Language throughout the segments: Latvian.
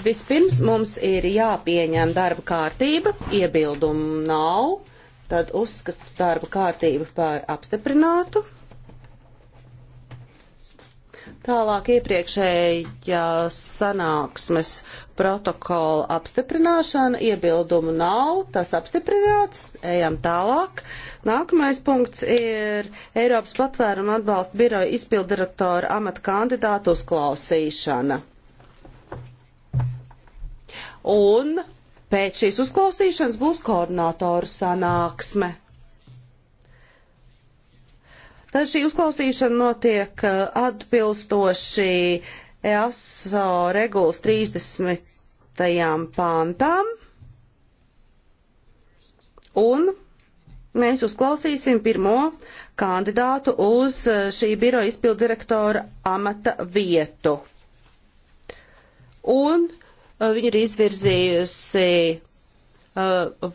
Vispirms mums ir jāpieņem darba kārtība, iebildumu nav, tad uzskatu darba kārtību par apstiprinātu. Tālāk iepriekšējā sanāksmes protokola apstiprināšana, iebildumu nav, tas apstiprināts, ejam tālāk. Nākamais punkts ir Eiropas patvērumu atbalsta biroja izpildirektora amata kandidātu uzklausīšana un pēc šīs uzklausīšanas būs koordinātoru sanāksme. Tad šī uzklausīšana notiek uh, atbilstoši EASO regulas 30. pāntām, un mēs uzklausīsim pirmo kandidātu uz uh, šī biroja izpildirektora amata vietu. Un Uh, Viņa ir izvirzījusi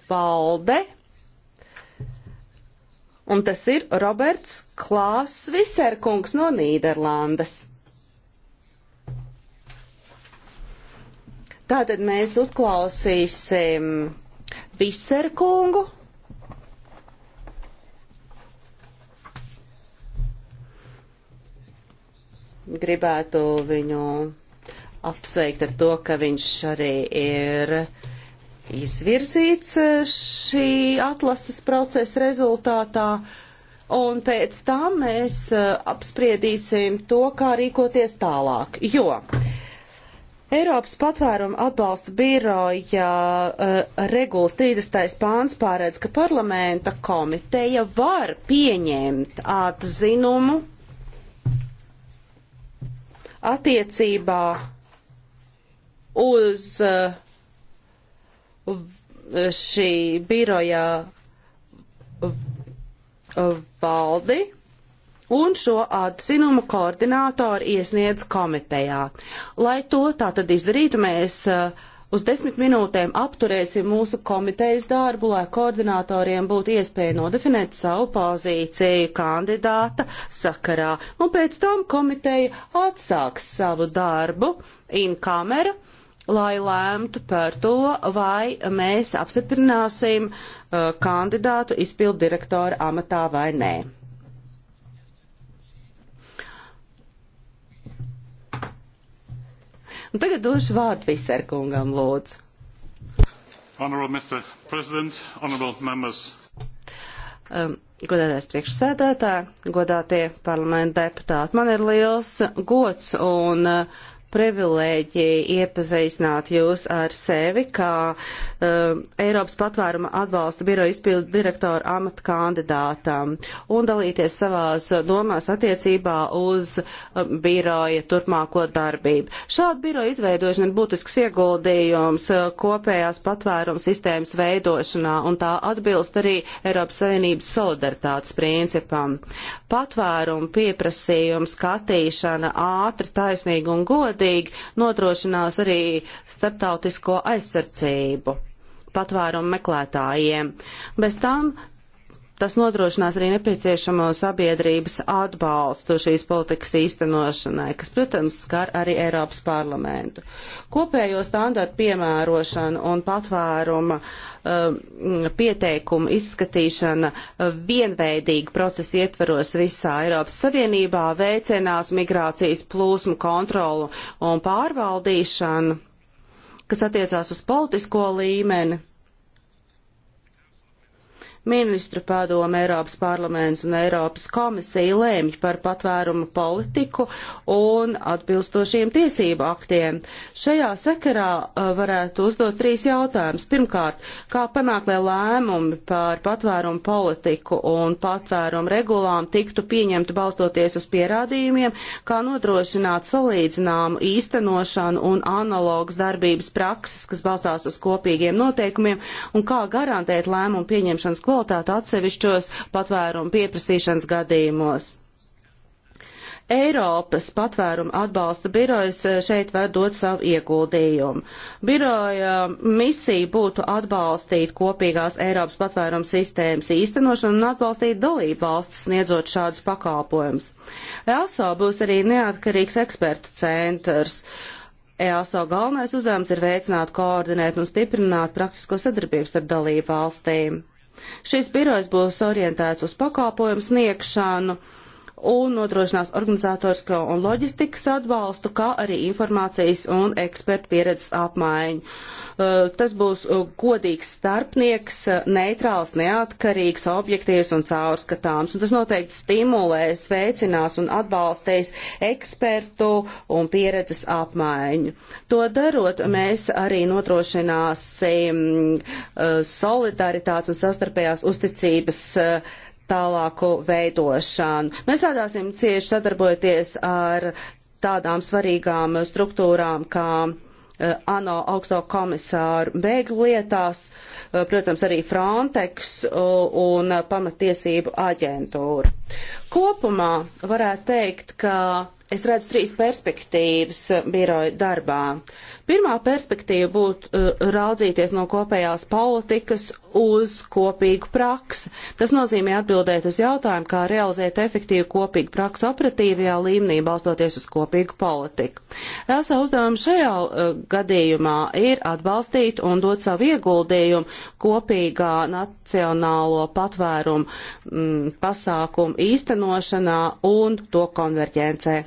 valde, uh, un tas ir Roberts Klās Viserkungs no Nīderlandes. Tātad mēs uzklausīsim Viserkungu. Gribētu viņu apsveikt ar to, ka viņš arī ir izvirzīts eh, šī atlases procesa rezultātā. Un pēc tam mēs eh, apspriedīsim to, kā rīkoties tālāk. Jo Eiropas patvērumu atbalsta biroja uh, regulas 30. pāns pārēdz, ka parlamenta komiteja var pieņemt atzinumu attiecībā uz uh, šī birojā uh, valdi un šo atzinumu koordinātori iesniedz komitejā. Lai to tā tad izdarītu, mēs uh, uz desmit minūtēm apturēsim mūsu komitejas darbu, lai koordinātoriem būtu iespēja nodefinēt savu pozīciju kandidāta sakarā. Un pēc tam komiteja atsāks savu darbu in kamera lai lēmtu par to, vai mēs apstiprināsim uh, kandidātu izpildu direktora amatā vai nē. Un tagad došu vārdu viserkungam, lūdzu. Honorable Mr. President, honorable members. Um, Godātais priekšsēdētāji, godātie parlamenta deputāti, man ir liels gods un uh, privilēģija iepazīstināt jūs ar sevi kā um, Eiropas patvēruma atbalsta biroja izpildu direktora amata kandidātam un dalīties savās domās attiecībā uz um, biroja turpmāko darbību. Šāda biroja izveidošana ir būtisks ieguldījums uh, kopējās patvēruma sistēmas veidošanā un tā atbilst arī Eiropas Savienības solidaritātes principam. Patvērumu pieprasījumu skatīšana ātri, taisnīgi un godīgi atbildīgi nodrošinās arī starptautisko aizsardzību patvērumu meklētājiem. Bez tam Tas nodrošinās arī nepieciešamo sabiedrības atbalstu šīs politikas īstenošanai, kas, protams, skar arī Eiropas parlamentu. Kopējo standartu piemērošana un patvēruma uh, pieteikumu izskatīšana uh, vienveidīgi procesa ietveros visā Eiropas Savienībā veicinās migrācijas plūsmu kontrolu un pārvaldīšanu, kas attiecās uz politisko līmeni Ministru padome, Eiropas parlaments un Eiropas komisija lēmj par patvērumu politiku un atbilstošiem tiesību aktiem. Šajā sekarā uh, varētu uzdot trīs jautājumus. Pirmkārt, kā panākt, lai lēmumi par patvērumu politiku un patvērumu regulām tiktu pieņemti balstoties uz pierādījumiem, kā nodrošināt salīdzināmu īstenošanu un analogas darbības prakses, kas balstās uz kopīgiem noteikumiem, un kā garantēt lēmumu pieņemšanas kvalitāti kvalitāti atsevišķos patvērumu pieprasīšanas gadījumos. Eiropas patvērumu atbalsta birojas eh, šeit var dot savu ieguldījumu. Biroja misija būtu atbalstīt kopīgās Eiropas patvērumu sistēmas īstenošanu un atbalstīt dalību valstis sniedzot šādus pakalpojumus. EASO būs arī neatkarīgs ekspertu centrs. EASO galvenais uzdevums ir veicināt, koordinēt un stiprināt praktisko sadarbību starp dalību valstīm. Šis birojs būs orientēts uz pakalpojumu sniegšanu un nodrošinās organizatorisko un loģistikas atbalstu, kā arī informācijas un ekspertu pieredzes apmaiņu. Uh, tas būs uh, godīgs starpnieks, uh, neitrāls, neatkarīgs, objektīvs un caurskatāms, un tas noteikti stimulēs, veicinās un atbalstīs ekspertu un pieredzes apmaiņu. To darot, mēs arī nodrošināsim solidaritātes un sastarpējās uzticības uh, tālāku veidošanu. Mēs strādāsim cieši sadarbojoties ar tādām svarīgām struktūrām kā eh, ANO augsto komisāru bēgļu lietās, eh, protams, arī Frontex eh, un pamatiesību aģentūra. Kopumā varētu teikt, ka es redzu trīs perspektīvas biroja darbā. Pirmā perspektīva būtu uh, raudzīties no kopējās politikas uz kopīgu praksi. Tas nozīmē atbildēt uz jautājumu, kā realizēt efektīvu kopīgu praksi operatīvajā līmenī, balstoties uz kopīgu politiku. ESA uzdevums šajā uh, gadījumā ir atbalstīt un dot savu ieguldījumu kopīgā nacionālo patvērumu mm, pasākumu īstenošanā un to konverģencē.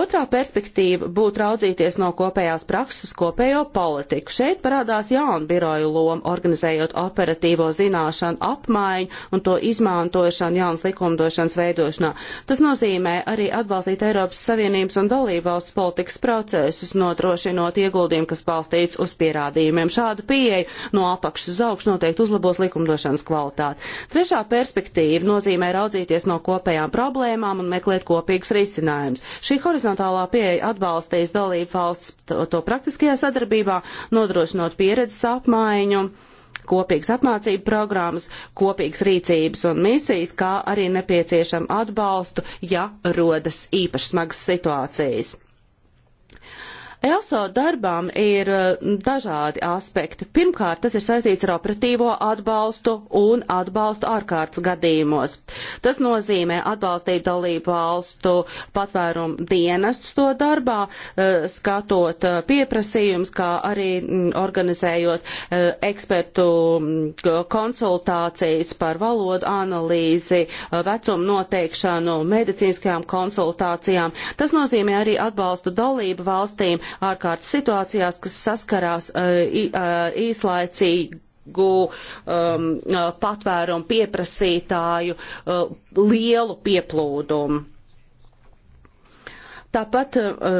Otrā perspektīva būtu raudzīties no kopējās prakses uz kopējo politiku. Šeit parādās jauna biroju loma, organizējot operatīvo zināšanu apmaiņu un to izmantošanu jaunas likumdošanas veidošanā. Tas nozīmē arī atbalstīt Eiropas Savienības un dalībvalsts politikas procesus, nodrošinot ieguldījumu, kas balstīts uz pierādījumiem. Šāda pieeja no apakšas uz augšu noteikti uzlabos likumdošanas kvalitāti. Trešā perspektīva nozīmē raudzīties no kopējām problēmām un meklēt kopīgus risinājumus. Šī horizontālā pieeja atbalstīs dalību valsts to, to praktiski praktiskajā sadarbībā, nodrošinot pieredzes apmaiņu kopīgas apmācību programmas, kopīgas rīcības un misijas, kā arī nepieciešam atbalstu, ja rodas īpaši smagas situācijas. ESO darbām ir dažādi aspekti. Pirmkārt, tas ir saistīts ar operatīvo atbalstu un atbalstu ārkārtas gadījumos. Tas nozīmē atbalstīt dalību valstu patvērumu dienestus to darbā, e, skatot e, pieprasījums, kā arī organizējot e, ekspertu konsultācijas par valodu analīzi, vecumu noteikšanu, medicīniskajām konsultācijām. Tas nozīmē arī atbalstu dalību valstīm ārkārtas situācijās, kas saskarās ar eh, eh, īslaicīgu tirgu, um, eh, patvērumu pieprasītāju uh, lielu pieplūdumu. Tāpat uh,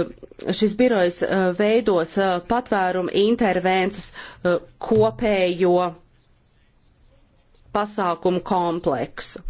šis birojs uh, veidos uh, patvērumu intervences uh, kopējo pasākumu kompleksu.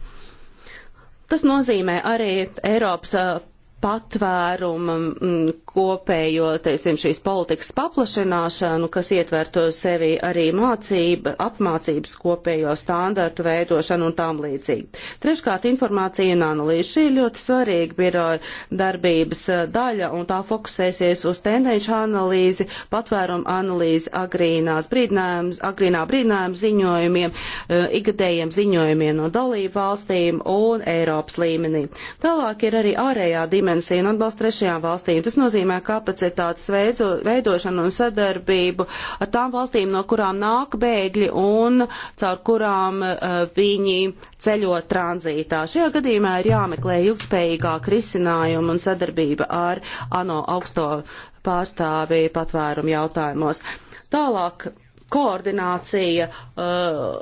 Tas nozīmē arī Eiropas uh, patvērumu mm, kopējo, teiksim, šīs politikas paplašināšanu, kas ietvertu sevi arī mācība, apmācības kopējo standartu veidošanu un tām līdzīgi. Treškārt, informācija un analīze. Šī ir ļoti svarīga biroja darbības eh, daļa un tā fokusēsies uz tendenci analīzi, patvērumu analīzi, agrīnās brīdinājums, agrīnā brīdinājuma ziņojumiem, eh, ikgadējiem ziņojumiem no dalību valstīm un Eiropas līmenī. Tālāk ir arī ārējā dimensija un atbalsts trešajām valstīm. Tas nozīmē, nozīmē kapacitātes veido, veidošanu un sadarbību ar tām valstīm, no kurām nāk bēgļi un caur kurām uh, viņi ceļo tranzītā. Šajā gadījumā ir jāmeklē ilgspējīgāk risinājumu un sadarbība ar ANO augsto pārstāvi patvērumu jautājumos. Tālāk koordinācija, uh,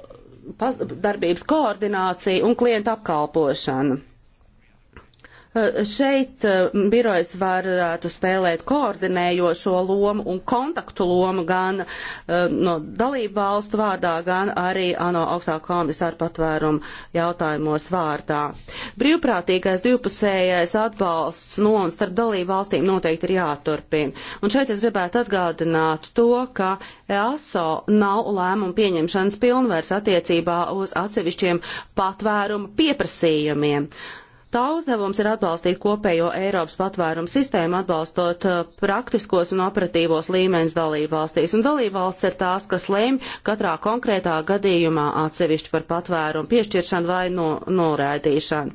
pas, darbības koordinācija un klienta apkalpošana. Eh, šeit eh, birojas varētu spēlēt koordinējošo lomu un kontaktu lomu gan eh, no dalību valstu vārdā, gan arī ANO augstā komisāra patvērumu jautājumos vārdā. Brīvprātīgais divpusējais atbalsts no un starp dalību valstīm noteikti ir jāturpina. Un šeit es gribētu atgādināt to, ka EASO nav lēmumu pieņemšanas pilnvērs attiecībā uz atsevišķiem patvērumu pieprasījumiem. Uh, Tā uzdevums ir atbalstīt kopējo Eiropas patvērumu sistēmu, atbalstot uh, praktiskos un operatīvos līmeņus dalībvalstīs. Un dalībvalsts ir tās, kas lēm katrā konkrētā gadījumā atsevišķi par patvērumu piešķiršanu vai no, norēdīšanu.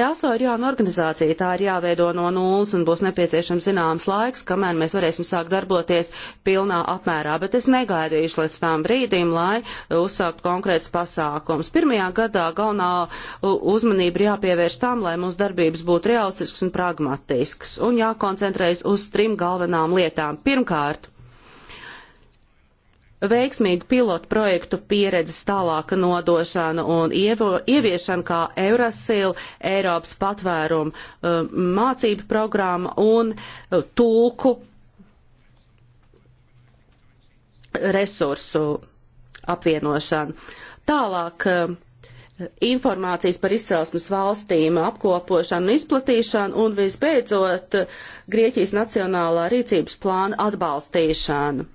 EASO ir jauna organizācija, tā ir jāveido no nulles un būs nepieciešams zināms laiks, kamēr mēs varēsim sākt darboties pilnā apmērā, bet es negaidīšu līdz tām brīdīm, lai uzsākt konkrēts pasākums. Pirmajā gadā galvenā uzmanība ir jāpievērš tām, tiesībām, lai mūsu darbības būtu realistisks un pragmatisks, un jākoncentrējas uz trim galvenām lietām. Pirmkārt, veiksmīgu pilotu projektu pieredzes tālāka nodošana un ievo, ieviešana kā Eurasil, Eiropas patvērumu um, mācību programma un uh, tulku resursu apvienošana. Tālāk um, informācijas par izcelsmes valstīm apkopošanu un izplatīšanu un visbeidzot Grieķijas nacionālā rīcības plāna atbalstīšanu.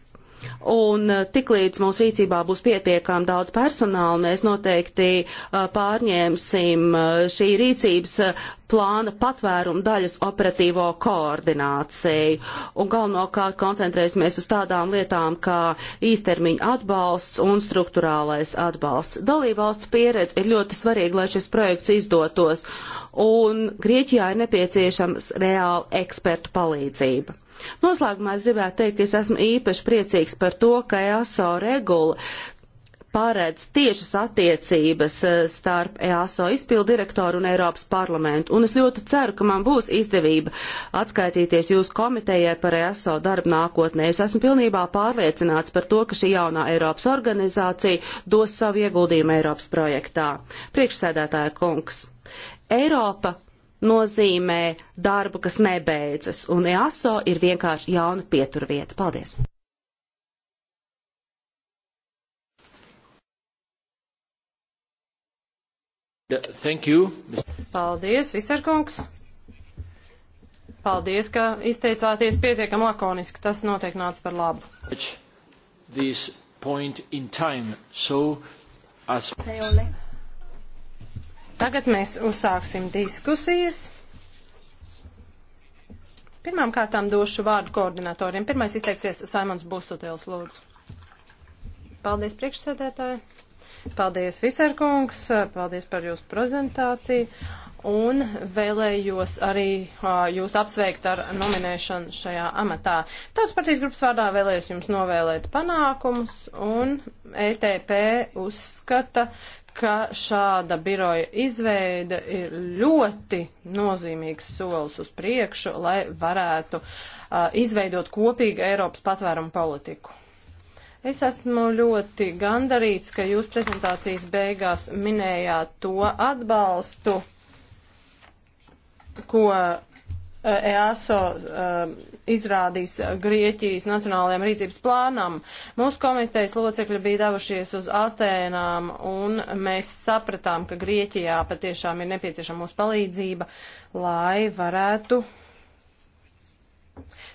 Un eh, tiklīdz mūsu rīcībā būs pietiekām daudz personāla, mēs noteikti eh, pārņēmsim eh, šī rīcības plāna patvērumu daļas operatīvo koordināciju. Un galvenokārt koncentrēsimies uz tādām lietām kā īstermiņa atbalsts un struktūrālais atbalsts. Dalībvalstu pieredze ir ļoti svarīga, lai šis projekts izdotos. Un Grieķijā ir nepieciešams reāla ekspertu palīdzība. Noslēgumā es gribētu teikt, ka es esmu īpaši priecīgs par to, ka EASO regula paredz tiešas attiecības eh, starp EASO izpildu direktoru un Eiropas parlamentu, un es ļoti ceru, ka man būs izdevība atskaitīties jūsu komitejai par EASO darbu nākotnē. Es esmu pilnībā pārliecināts par to, ka šī jaunā Eiropas organizācija dos savu ieguldījumu Eiropas projektā. Priekšsēdētāja kungs. Eiropa nozīmē darbu, kas nebeidzas, un EASO ir vienkārši jauna pieturvieta. Paldies! Thank you. Paldies, Visarkungs! Paldies, ka izteicāties pietiekam lakoniski. Tas noteikti nāca par labu. This point in time, so as... Tagad mēs uzsāksim diskusijas. Pirmām kārtām došu vārdu koordinatoriem. Pirmais izteiksies Saimons Busutils, lūdzu. Paldies, priekšsēdētāji. Paldies, Viserkungs. Paldies par jūsu prezentāciju un vēlējos arī uh, jūs apsveikt ar nominēšanu šajā amatā. Tautas partijas grupas vārdā vēlējos jums novēlēt panākumus, un ETP uzskata, ka šāda biroja izveida ir ļoti nozīmīgs solis uz priekšu, lai varētu uh, izveidot kopīgu Eiropas patvērumu politiku. Es esmu ļoti gandarīts, ka jūs prezentācijas beigās minējāt to atbalstu ko eh, EASO uh, izrādīs Grieķijas nacionālajiem rīcības plānam. Mūsu komitejas locekļi bija devušies uz Atēnām, un mēs sapratām, ka Grieķijā patiešām ir nepieciešama mūsu palīdzība, lai varētu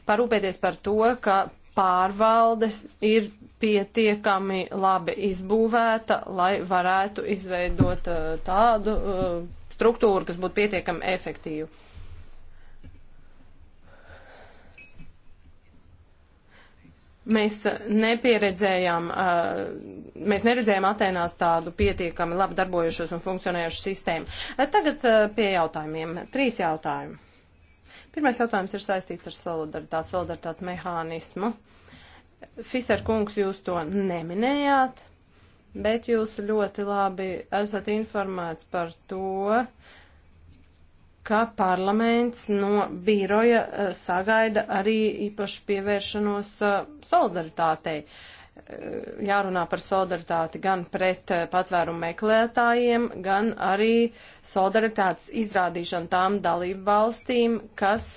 parūpēties par to, ka pārvaldes ir pietiekami labi izbūvēta, lai varētu izveidot uh, tādu. Uh, struktūru, kas būtu pietiekami efektīva. Mēs nepieredzējām, mēs neredzējām Atēnās tādu pietiekami labi darbojušos un funkcionējušu sistēmu. Tagad pie jautājumiem. Trīs jautājumi. Pirmais jautājums ir saistīts ar solidaritātes, solidaritātes mehānismu. Fiser kungs, jūs to neminējāt bet jūs ļoti labi esat informēts par to, ka parlaments no biroja eh, sagaida arī īpašu pievēršanos eh, solidaritātei. Eh, jārunā par solidaritāti gan pret patvērumu meklētājiem, gan arī solidaritātes izrādīšanu tām dalību valstīm, kas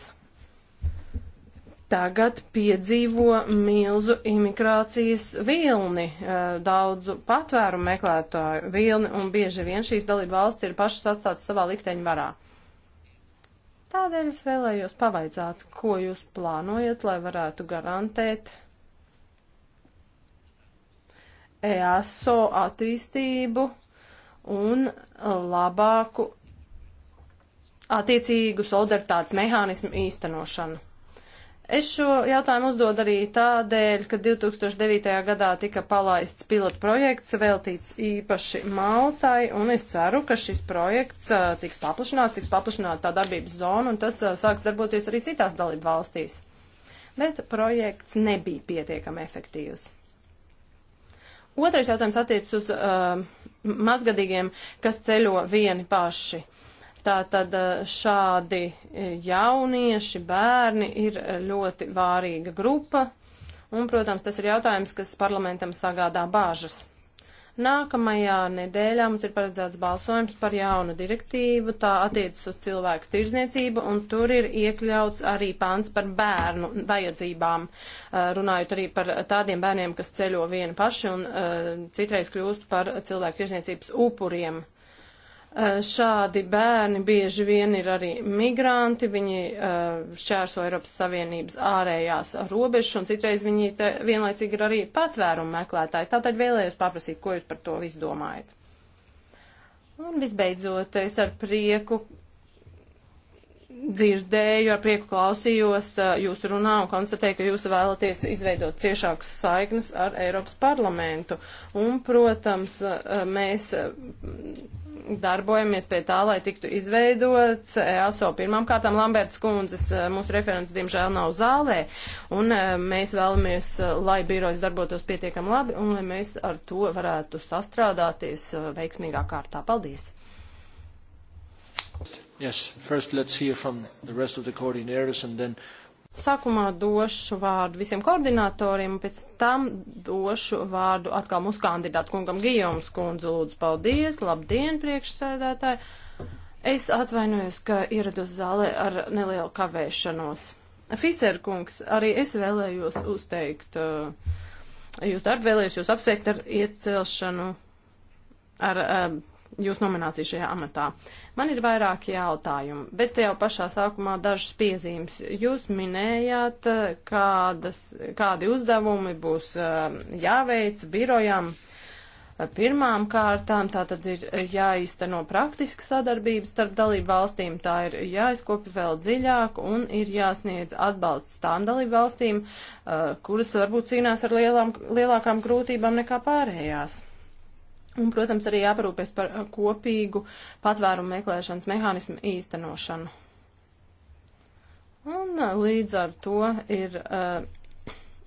tagad piedzīvo milzu imigrācijas vilni, eh, daudzu patvērumu meklētāju vilni, un bieži vien šīs dalība valsts ir pašas atstātas savā likteņa varā. Tādēļ es vēlējos pavaicāt, ko jūs plānojat, lai varētu garantēt EASO attīstību un labāku attiecīgu solidaritātes mehānismu īstenošanu. Es šo jautājumu uzdodu arī tādēļ, ka 2009. gadā tika palaists pilotu projekts veltīts īpaši Maltai, un es ceru, ka šis projekts tiks paplašināts, tiks paplašināta tā darbības zona, un tas sāks darboties arī citās dalību valstīs. Bet projekts nebija pietiekami efektīvs. Otrais jautājums attiecas uz uh, mazgadīgiem, kas ceļo vieni paši. Uh, Tātad e, šādi e, jaunieši, bērni ir e, ļoti vārīga grupa, un, protams, tas ir jautājums, kas parlamentam sagādā bāžas. Nākamajā nedēļā mums ir paredzēts balsojums par jaunu direktīvu, tā attiecas uz cilvēku tirzniecību, un tur ir iekļauts arī pāns par bērnu vajadzībām, runājot arī par tādiem bērniem, kas ceļo vieni paši un citreiz kļūst par cilvēku tirzniecības upuriem. Eh, šādi bērni bieži vien ir arī migranti, viņi eh, šķērso Eiropas Savienības ārējās robežas, un citreiz viņi vienlaicīgi ir arī patvērumu meklētāji. Tātad vēlējos paprasīt, ko jūs par to visu domājat. Un visbeidzot, es ar prieku dzirdēju, ar prieku klausījos eh, jūsu runā un konstatēju, ka jūs vēlaties izveidot ciešākas saiknes ar Eiropas parlamentu. Un, protams, mēs darbojamies pie tā, lai tiktu izveidots EASO eh, pirmām kārtām Lamberts kundzes, eh, mūsu referents diemžēl nav zālē, un eh, mēs vēlamies, lai birojas darbotos pietiekam labi, un lai mēs ar to varētu sastrādāties veiksmīgā kārtā. Paldies! Yes, first let's hear from the rest of the coordinators and then Sākumā došu vārdu visiem koordinatoriem, pēc tam došu vārdu atkal mūsu kandidātu kungam Gijoms kundzu. Lūdzu, paldies, labdien, priekšsēdētāji. Es atvainojos, ka ierados zālē ar nelielu kavēšanos. Fiser kungs, arī es vēlējos uzteikt, eh, jūs darbu vēlējos jūs apsveikt ar iecelšanu ar. Um, jūsu nomināciju šajā amatā. Man ir vairāki jautājumi, bet jau pašā sākumā dažas piezīmes. Jūs minējāt, eh, kādas, kādi uzdevumi būs eh, jāveic birojam. Eh, pirmām kārtām tā tad ir jāizteno praktiska sadarbība starp dalību valstīm, tā ir jāizkopja vēl dziļāk un ir jāsniedz atbalsts tām dalību valstīm, kuras varbūt cīnās ar lielām, lielākām grūtībām nekā pārējās. Un, protams, arī jāparūpēs par kopīgu patvērumu meklēšanas mehānismu īstenošanu. Un līdz ar to ir uh,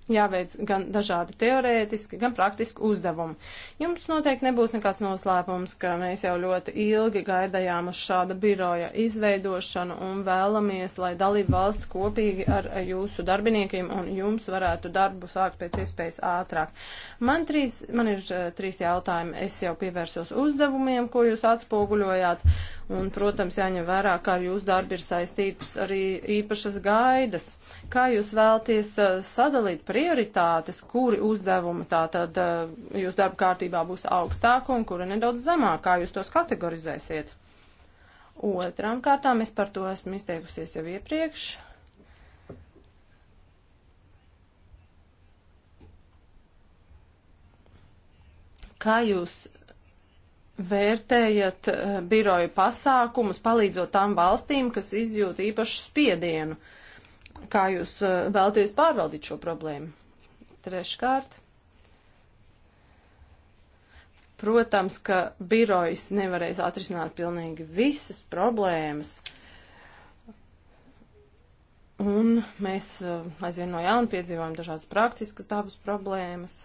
jāveic gan dažādi teorētiski, gan praktiski uzdevumi. Jums noteikti nebūs nekāds noslēpums, ka mēs jau ļoti ilgi gaidījām uz šāda biroja izveidošanu un vēlamies, lai dalība valsts kopīgi ar jūsu darbiniekiem un jums varētu darbu sākt pēc iespējas ātrāk. Man, trīs, man ir eh, trīs jautājumi. Es jau pievērsos uzdevumiem, ko jūs atspoguļojāt. Un, protams, jāņem vērā, kā ar jūsu darbu ir saistītas arī īpašas gaidas. Kā jūs vēlties uh, sadalīt prioritātes, kuri uzdevumi tātad uh, jūsu darba kārtībā būs augstāk un kuri nedaudz zemāk, kā jūs tos kategorizēsiet? Otrām kārtām es par to esmu izteikusies jau iepriekš. Kā jūs vērtējat eh, biroju pasākumus, palīdzot tām valstīm, kas izjūt īpašu spiedienu? Kā jūs eh, vēlties pārvaldīt šo problēmu? Treškārt. Protams, ka birojas nevarēs atrisināt pilnīgi visas problēmas. Un mēs eh, aizvien no jauna piedzīvojam dažādas praktiskas dabas problēmas.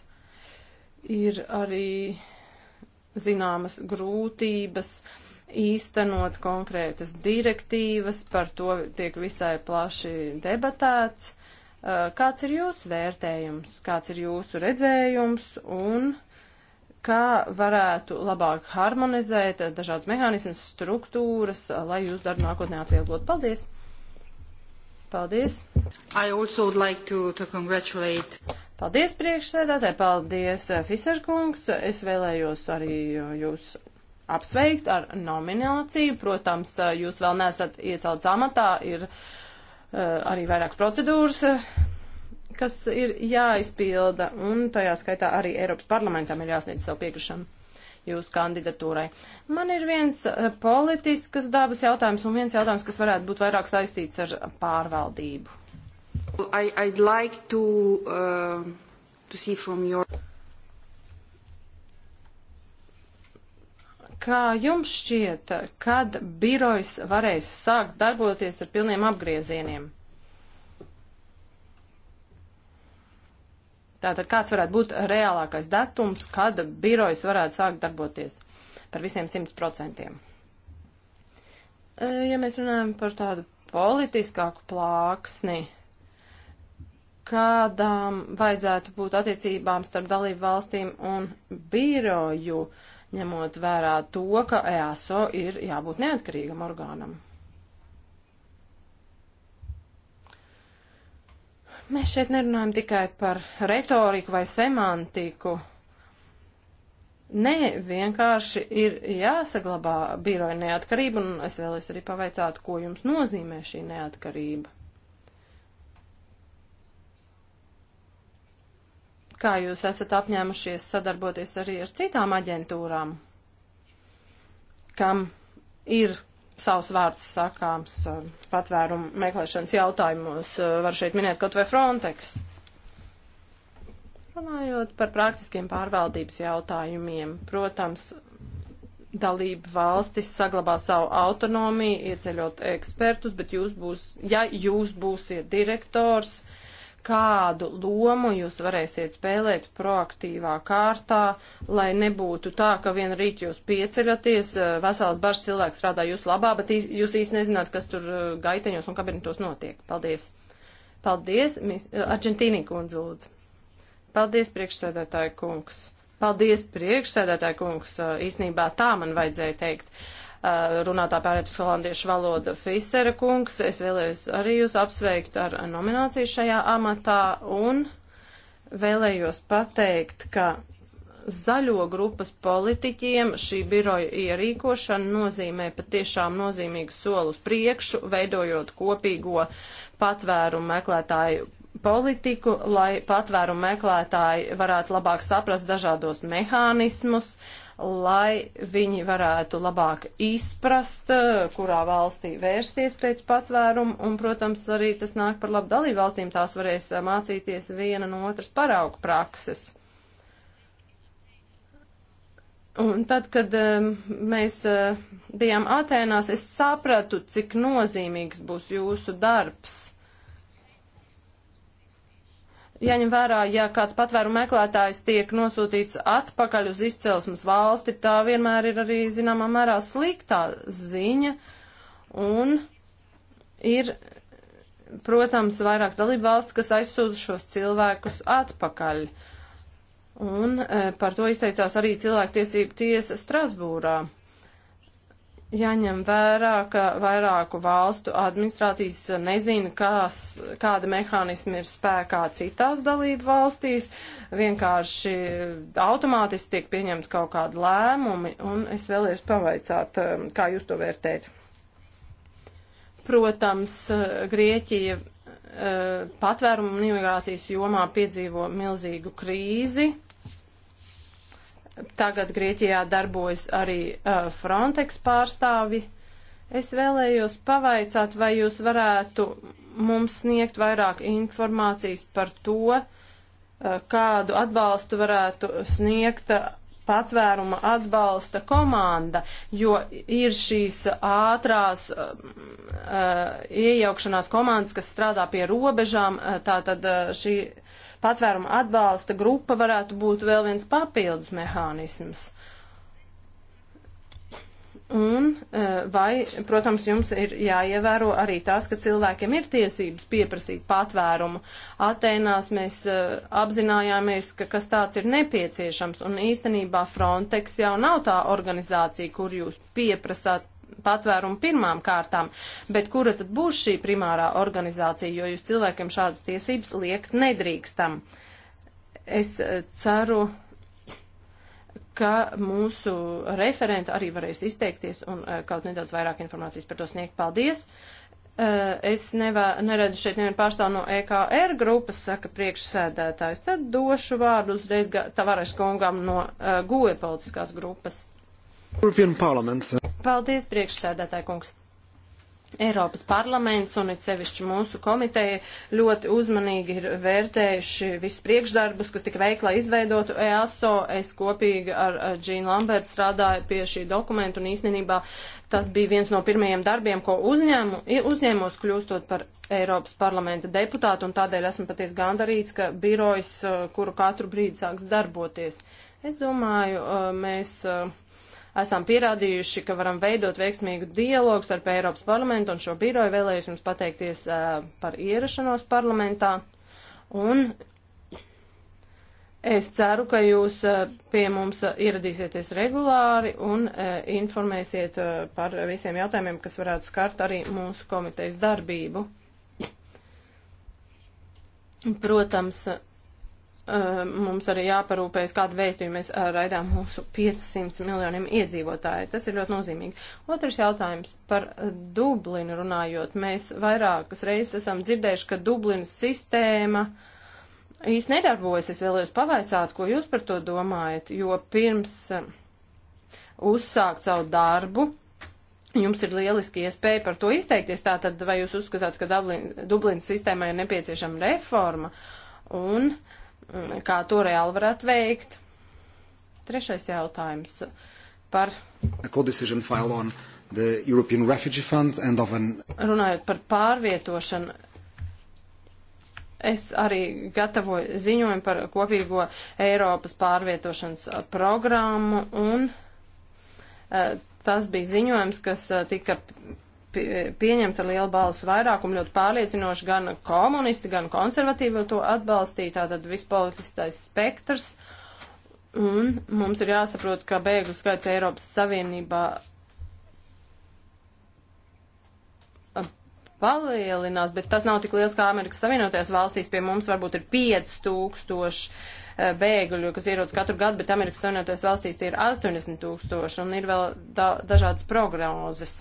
Ir arī uh, zināmas grūtības īstenot konkrētas direktīvas, par to tiek visai plaši debatēts. Uh, kāds ir jūsu vērtējums, kāds ir jūsu redzējums un kā varētu labāk harmonizēt dažādas mehānismas, struktūras, uh, lai jūs darbu nākotnē atvieglot. Paldies! Paldies! I also would like to, to congratulate. Paldies priekšsēdētāji, paldies eh, Fiserkungs. Es vēlējos arī eh, jūs apsveikt ar nomināciju. Protams, eh, jūs vēl nesat iecelts amatā, ir arī vairākas procedūras, kas ir jāizpilda, un tajā skaitā arī Eiropas parlamentam ir jāsniedz savu piekrišanu jūsu kandidatūrai. Man ir viens politiskas dabas jautājums un viens jautājums, kas varētu būt vairāk saistīts ar pārvaldību. I, I'd like to, uh, to see from your... Kā jums šķiet, kad birojs varēs sākt darboties ar pilniem apgriezieniem? Tātad kāds varētu būt reālākais datums, kad birojs varētu sākt darboties par visiem simt procentiem? Ja mēs runājam par tādu politiskāku plāksni, kādām vajadzētu būt attiecībām starp dalību valstīm un biroju, ņemot vērā to, ka EASO ir jābūt neatkarīgam orgānam. Mēs šeit nerunājam tikai par retoriku vai semantiku. Nē, vienkārši ir jāsaglabā biroja neatkarība, un es vēlēs arī pavaicāt, ko jums nozīmē šī neatkarība. kā jūs esat apņēmušies sadarboties arī ar citām aģentūrām, kam ir savs vārds sakāms eh, patvērumu meklēšanas jautājumos, eh, var šeit minēt kaut vai Frontex. Runājot par praktiskiem pārvaldības jautājumiem, protams, dalību valstis saglabā savu autonomiju, ieceļot ekspertus, bet jūs būs, ja jūs būsiet direktors, uh, kādu lomu jūs varēsiet spēlēt proaktīvā kārtā, lai nebūtu tā, ka vienu rītu jūs pieceļaties, eh, vesels bars cilvēks strādā jūs labā, bet īs, jūs īsti nezināt, kas tur eh, gaiteņos un kabinetos notiek. Paldies! Paldies, mis... Eh, Argentīnī kundze lūdzu! Paldies, priekšsēdētāja kungs! Paldies, priekšsēdētāja kungs! Īsnībā tā man vajadzēja teikt. Uh, runātā pārēc holandiešu valodu Fisera kungs. Es vēlējos arī jūs apsveikt ar nomināciju šajā amatā un vēlējos pateikt, ka zaļo grupas politiķiem šī biroja ierīkošana nozīmē patiešām nozīmīgu soli uz priekšu, veidojot kopīgo patvērumu meklētāju politiku, lai patvērumu meklētāji varētu labāk saprast dažādos mehānismus, uh, lai viņi varētu labāk izprast, kurā valstī vērsties pēc patvērumu, un, protams, arī tas nāk par labu dalībvalstīm, tās varēs mācīties viena no otras paraugu prakses. Un tad, kad um, mēs uh, bijām Atēnās, es sapratu, cik nozīmīgs būs jūsu darbs. Jaņem vērā, ja kāds patvērumu meklētājs tiek nosūtīts atpakaļ uz izcelsmes valsti, tā vienmēr ir arī, zināmā mērā, sliktā ziņa. Un ir, protams, vairākas dalību valsts, kas aizsūta šos cilvēkus atpakaļ. Un e, par to izteicās arī cilvēktiesību tiesa Strasbūrā. Jāņem vērā, ka vairāku valstu administrācijas nezina, kās, kāda mehānismi ir spēkā citās dalību valstīs, vienkārši automātiski tiek pieņemti kaut kādi lēmumi, un es vēlējos pavaicāt, um, kā jūs to vērtējat. Protams, uh, Grieķija uh, patvērumu un imigrācijas jomā piedzīvo milzīgu krīzi Tagad Grieķijā darbojas arī uh, Frontex pārstāvi. Es vēlējos pavaicāt, vai jūs varētu mums sniegt vairāk informācijas par to, uh, kādu atbalstu varētu sniegt patvēruma atbalsta komanda, jo ir šīs ātrās uh, uh, iejaukšanās komandas, kas strādā pie robežām, uh, tātad uh, šī patvēruma atbalsta grupa varētu būt vēl viens papildus mehānisms. Un e, vai, protams, jums ir jāievēro arī tas, ka cilvēkiem ir tiesības pieprasīt patvērumu. Atēnās mēs e, apzinājāmies, ka kas tāds ir nepieciešams, un īstenībā Frontex jau nav tā organizācija, kur jūs pieprasāt patvērumu pirmām kārtām, bet kura tad būs šī primārā organizācija, jo jūs cilvēkiem šādas tiesības liekt nedrīkstam. Es eh, ceru, ka mūsu referenta arī varēs izteikties un eh, kaut nedaudz vairāk informācijas par to sniegt. Paldies! Eh, es nevā, neredzu šeit nevienu pārstāvu no EKR grupas, saka priekšsēdētājs. Tad došu vārdu uzreiz Tavares kungam no uh, GUE politiskās grupas. Paldies, priekšsēdētāji kungs! Eiropas parlaments un it sevišķi mūsu komiteja ļoti uzmanīgi ir vērtējuši visus priekšdarbus, kas tika veikla izveidotu EASO. Es kopīgi ar Džīnu Lambertu strādāju pie šī dokumenta un īstenībā tas bija viens no pirmajiem darbiem, ko uzņēmu, uzņēmos kļūstot par Eiropas parlamenta deputātu un tādēļ esmu paties gandarīts, ka birojs, uh, kuru katru brīdi sāks darboties. Es domāju, uh, mēs uh, esam pierādījuši, ka varam veidot veiksmīgu dialogu starp Eiropas parlamentu un šo biroju. Vēlējos jums pateikties par ierašanos parlamentā. Un es ceru, ka jūs pie mums ieradīsieties regulāri un informēsiet par visiem jautājumiem, kas varētu skart arī mūsu komitejas darbību. Protams, Eh, mums arī jāparūpējas, kādu vēstījumu mēs eh, raidām mūsu 500 miljoniem iedzīvotāju. Tas ir ļoti nozīmīgi. Otrs jautājums par eh, Dublinu runājot. Mēs vairākas reizes esam dzirdējuši, ka Dublinas sistēma īsti nedarbojas. Es vēlējos pavaicāt, ko jūs par to domājat, jo pirms uzsākt savu darbu, Jums ir lieliski iespēja par to izteikties. Tātad, vai jūs uzskatāt, ka Dublinas sistēmai ir nepieciešama reforma? Un uh, Mm, kā to reāli varētu veikt. Trešais jautājums par. An... Runājot par pārvietošanu, es arī gatavoju ziņojumu par kopīgo Eiropas pārvietošanas programmu, un eh, tas bija ziņojums, kas eh, tika pieņemts ar lielu balsu vairākumu, ļoti pārliecinoši gan komunisti, gan konservatīvi to atbalstīja, tātad vispolitiskais spektrs. Un mums ir jāsaprot, ka bēgļu skaits Eiropas Savienībā palielinās, bet tas nav tik liels kā Amerikas Savienotajās valstīs. Pie mums varbūt ir 5000 e, bēgļu, kas ierodas katru gadu, bet Amerikas Savienotajās valstīs tie ir 80 tūkstoši un ir vēl da dažādas prognozes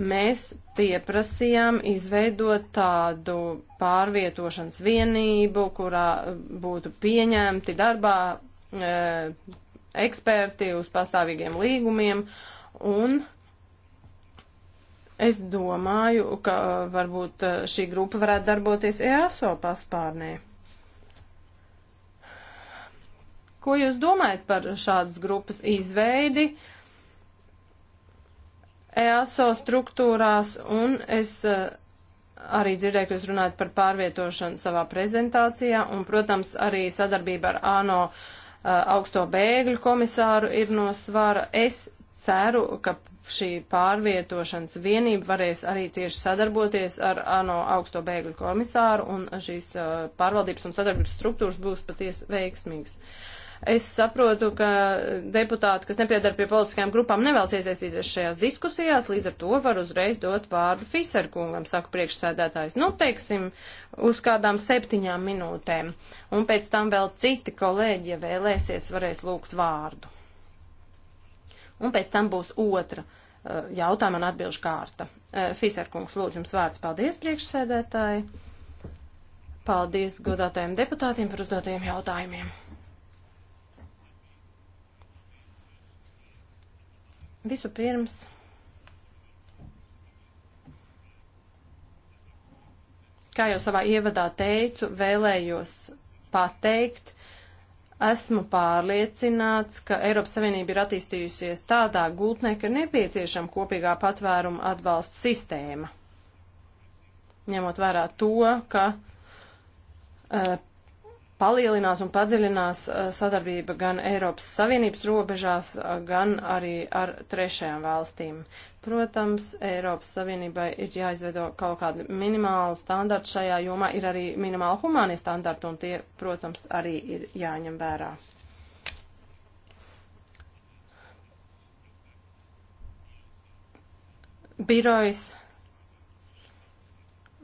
mēs pieprasījām izveidot tādu pārvietošanas vienību, kurā būtu pieņemti darbā e, eksperti uz pastāvīgiem līgumiem un es domāju, ka e, varbūt e, šī grupa varētu darboties EASO paspārnē. Ko jūs domājat par šādas grupas izveidi? Uh, EASO struktūrās, un es eh, arī dzirdēju, ka jūs runājat par pārvietošanu savā prezentācijā, un, protams, arī sadarbība ar ANO eh, augsto bēgļu komisāru ir no svara. Es ceru, ka šī pārvietošanas vienība varēs arī cieši sadarboties ar ANO augsto bēgļu komisāru un šīs eh, pārvaldības un sadarbības struktūras būs patiesi veiksmīgas. Es saprotu, ka deputāti, kas nepiedara pie politiskajām grupām, nevēlas iesaistīties šajās diskusijās, līdz ar to var uzreiz dot vārdu Fiserkungam, saka priekšsēdētājs. Nu, teiksim, uz kādām septiņām minūtēm. Un pēc tam vēl citi kolēģi, ja vēlēsies, varēs lūgt vārdu. Un pēc tam būs otra uh, jautājuma un atbilžu kārta. Uh, Fiserkungs, lūdzu jums vārds. Paldies, priekšsēdētāji. Paldies godātajiem deputātiem par uzdotajiem jautājumiem. Vispirms kā jau savā ievadā teicu, vēlējos pateikt, esmu pārliecināts, ka Eiropas Savienība ir attīstījusies tādā gultnē, ka nepieciešama kopīgā patvēruma atbalsta sistēma. Ņemot vērā to, ka uh, palielinās un padziļinās eh, sadarbība gan Eiropas Savienības robežās, eh, gan arī ar trešajām valstīm. Protams, Eiropas Savienībai ir jāizveido kaut kādi minimāli standarti šajā jomā, ir arī minimāli humānie standarti, un tie, protams, arī ir jāņem vērā. Birojs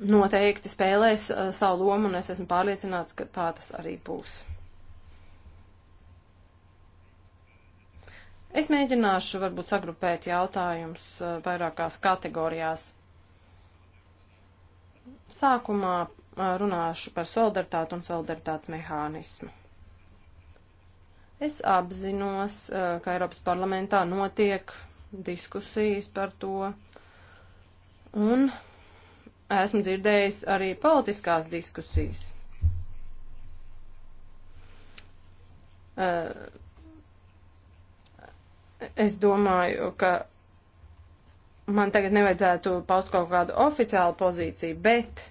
noteikti spēlēs uh, savu lomu, un es esmu pārliecināts, ka tā tas arī būs. Es mēģināšu varbūt sagrupēt jautājumus uh, vairākās kategorijās. Sākumā uh, runāšu par solidaritāti un solidaritātes mehānismu. Es apzinos, uh, ka Eiropas parlamentā notiek diskusijas par to, un esmu dzirdējis arī politiskās diskusijas. Eh, es domāju, ka man tagad nevajadzētu paust kaut kādu oficiālu pozīciju, bet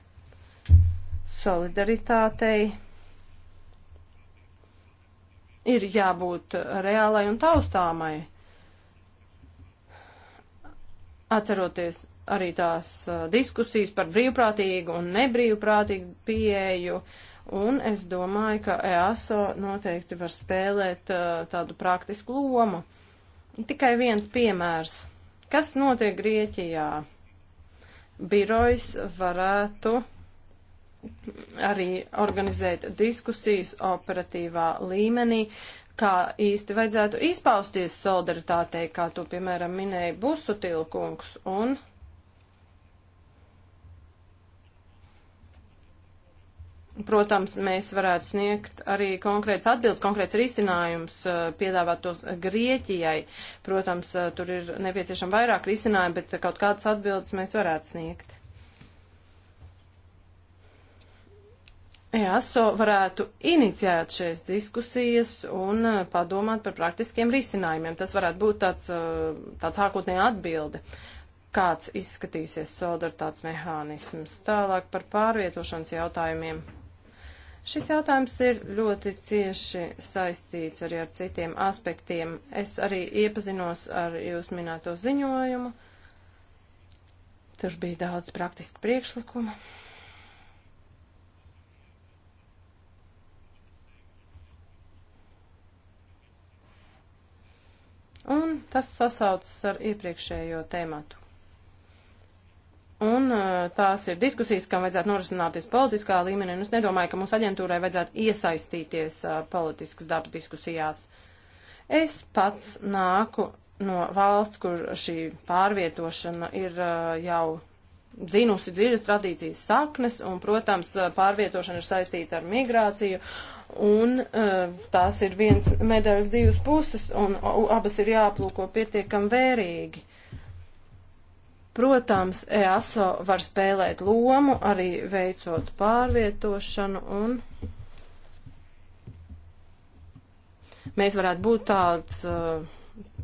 solidaritātei ir jābūt reālai un taustāmai. Atceroties arī tās diskusijas par brīvprātīgu un nebrīvprātīgu pieeju. Un es domāju, ka EASO noteikti var spēlēt tādu praktisku lomu. Tikai viens piemērs. Kas notiek Grieķijā? Birojs varētu arī organizēt diskusijas operatīvā līmenī, kā īsti vajadzētu izpausties solidaritātei, kā to, piemēram, minēja Busutilkungs, un Protams, mēs varētu sniegt arī konkrēts atbildes, konkrēts risinājums, eh, piedāvāt tos Grieķijai. Protams, eh, tur ir nepieciešama vairāk risinājumu, bet kaut kādas atbildes mēs varētu sniegt. EASO varētu inicijēt šīs diskusijas un eh, padomāt par praktiskiem risinājumiem. Tas varētu būt tāds, tāds sākotnēja atbilde, kāds izskatīsies solidaritātes mehānisms. Tālāk par pārvietošanas jautājumiem. Šis jautājums ir ļoti cieši saistīts arī ar citiem aspektiem. Es arī iepazinos ar jūs minēto ziņojumu. Tur bija daudz praktisku priekšlikumu. Un tas sasaucas ar iepriekšējo tēmatu. Un uh, tās ir diskusijas, kam vajadzētu norisināties politiskā līmenī. Un es nedomāju, ka mūsu aģentūrai vajadzētu iesaistīties uh, politiskas dabas diskusijās. Es pats nāku no valsts, kur šī pārvietošana ir uh, jau dzinusi dziļas tradīcijas saknes, un, protams, uh, pārvietošana ir saistīta ar migrāciju, un uh, tās ir viens medaļas divas puses, un abas ir jāplūko pietiekam vērīgi. Protams, EASO var spēlēt lomu arī veicot pārvietošanu un mēs varētu būt tāds uh,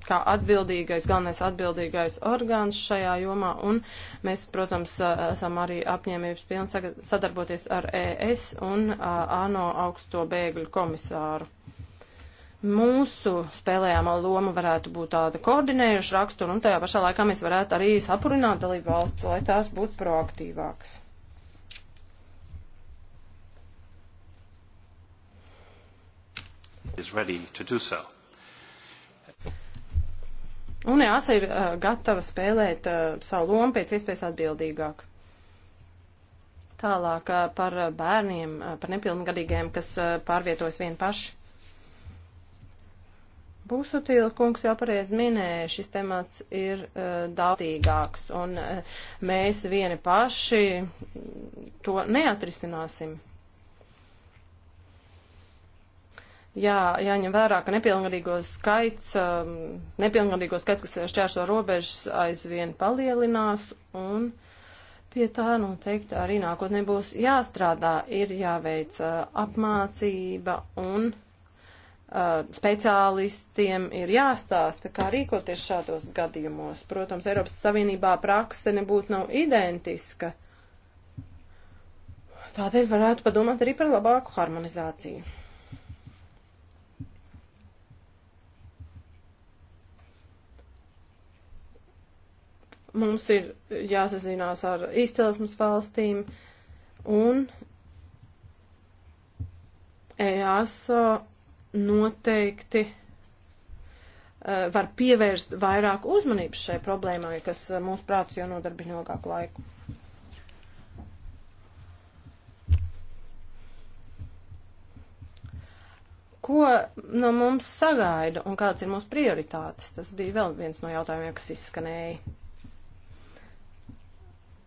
kā atbildīgais, galvenais atbildīgais orgāns šajā jomā un mēs, protams, uh, esam arī apņēmības pilni sadarboties ar ES un uh, ANO augsto bēgļu komisāru mūsu spēlējāmā loma varētu būt tāda koordinējuša rakstura, un tajā pašā laikā mēs varētu arī sapurināt dalību valsts, lai tās būtu proaktīvākas. So. Un jāsa ir uh, gatava spēlēt uh, savu lomu pēc iespējas atbildīgāk. Tālāk uh, par bērniem, uh, par nepilngadīgiem, kas uh, pārvietojas vien paši. Būsutīla kungs jau pareiz minēja, šis temats ir uh, daudzīgāks, un uh, mēs vieni paši to neatrisināsim. Jā, jāņem vērā, ka nepilngadīgo skaits, um, uh, eh, nepilngadīgo skaits, kas šķērso robežas, aizvien palielinās, un pie tā noteikti arī nākotnē būs jāstrādā, ir jāveic uh, apmācība un Uh, speciālistiem ir jāstāsta, kā rīkoties šādos gadījumos. Protams, Eiropas Savienībā prakse nebūtu nav identiska. Tādēļ varētu padomāt arī par labāku harmonizāciju. Mums ir jāsazinās ar izcelsmes valstīm un EASO noteikti uh, var pievērst vairāk uzmanības šai problēmai, kas uh, mūsu prāts jau nodarbina ilgāku laiku. Ko no mums sagaida un kāds ir mūsu prioritātes? Tas bija vēl viens no jautājumiem, kas izskanēja.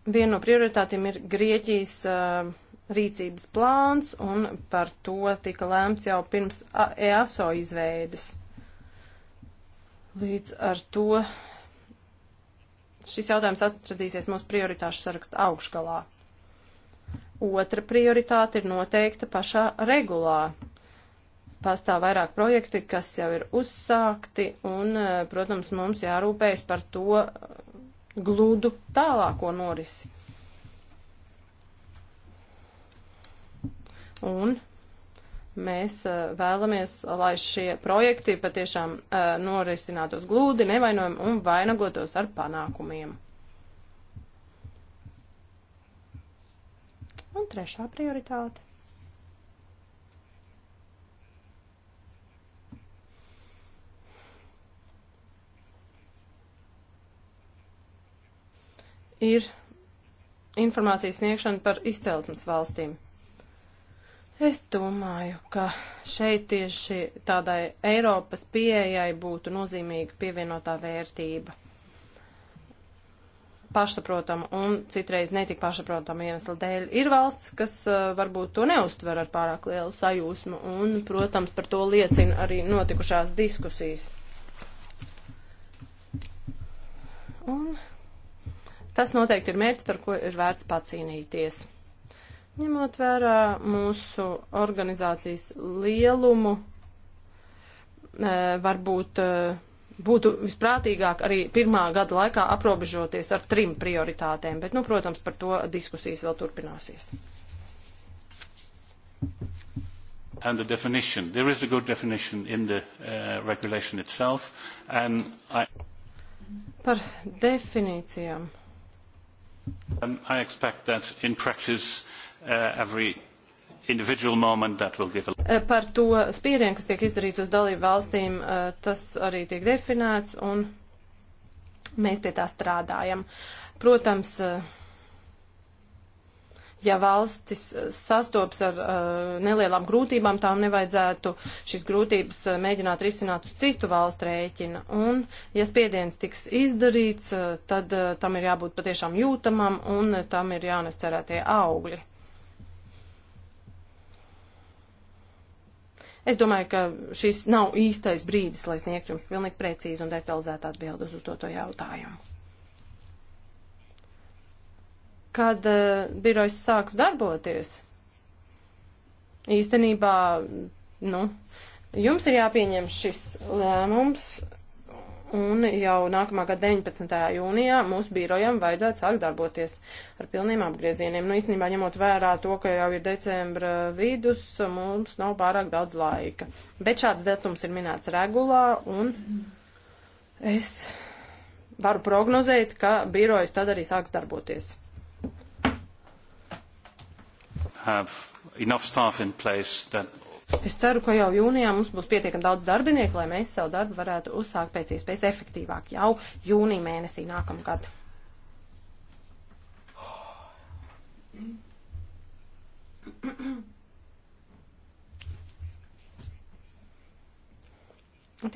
Viena no prioritātiem ir Grieķijas uh, rīcības plāns, un par to tika lēmts jau pirms EASO izveides. Līdz ar to šis jautājums atradīsies mūsu prioritāšu saraksta augšgalā. Otra prioritāte ir noteikta pašā regulā. Pastāv vairāk projekti, kas jau ir uzsākti, un, eh, protams, mums jārūpējas par to eh, gludu tālāko norisi. un mēs uh, vēlamies, lai šie projekti patiešām uh, norisinātos glūdi, nevainojami un vainagotos ar panākumiem. Un trešā prioritāte. Ir informācijas sniegšana par izcelsmes valstīm. Es domāju, ka šeit tieši tādai Eiropas pieejai būtu nozīmīga pievienotā vērtība. Pašsaprotama un citreiz netik pašsaprotama iemesla dēļ ir valsts, kas uh, varbūt to neustver ar pārāk lielu sajūsmu, un, protams, par to liecina arī notikušās diskusijas. Un tas noteikti ir mērķis, par ko ir vērts pacīnīties. Ņemot vērā mūsu organizācijas lielumu, eh, varbūt eh, būtu visprātīgāk arī pirmā gada laikā aprobežoties ar trim prioritātēm, bet, nu, protams, par to diskusijas vēl turpināsies. And the definition. There is a good definition in the uh, regulation itself. And I... Par definīcijām. And I expect that in practice uh, every individual moment that will give a... Uh, par to spiedienu, kas tiek izdarīts uz dalību valstīm, uh, tas arī tiek definēts un mēs pie tā strādājam. Protams, uh, ja valstis uh, sastops ar uh, nelielām grūtībām, tām nevajadzētu šīs grūtības uh, mēģināt risināt uz citu valstu rēķina. Un, ja spiediens tiks izdarīts, uh, tad uh, tam ir jābūt patiešām jūtamam un uh, tam ir jānes cerētie augļi. Es domāju, ka šis nav īstais brīdis, lai sniegtu jums pilnīgi precīzi un detalizētu atbildus uz to, to jautājumu. Kad uh, birojs sāks darboties, īstenībā, nu, jums ir jāpieņem šis lēmums Un jau nākamā gada 19. jūnijā mūsu birojam vajadzētu sākt darboties ar pilniem apgriezieniem. Nu, īstenībā ņemot vērā to, ka jau ir decembra vidus, mums nav pārāk daudz laika. Bet šāds datums ir minēts regulā, un es varu prognozēt, ka birojas tad arī sāks darboties. Have enough staff in place that Es ceru, ka jau jūnijā mums būs pietiekami daudz darbinieku, lai mēs savu darbu varētu uzsākt pēc iespējas efektīvāk jau jūnija mēnesī nākamgad.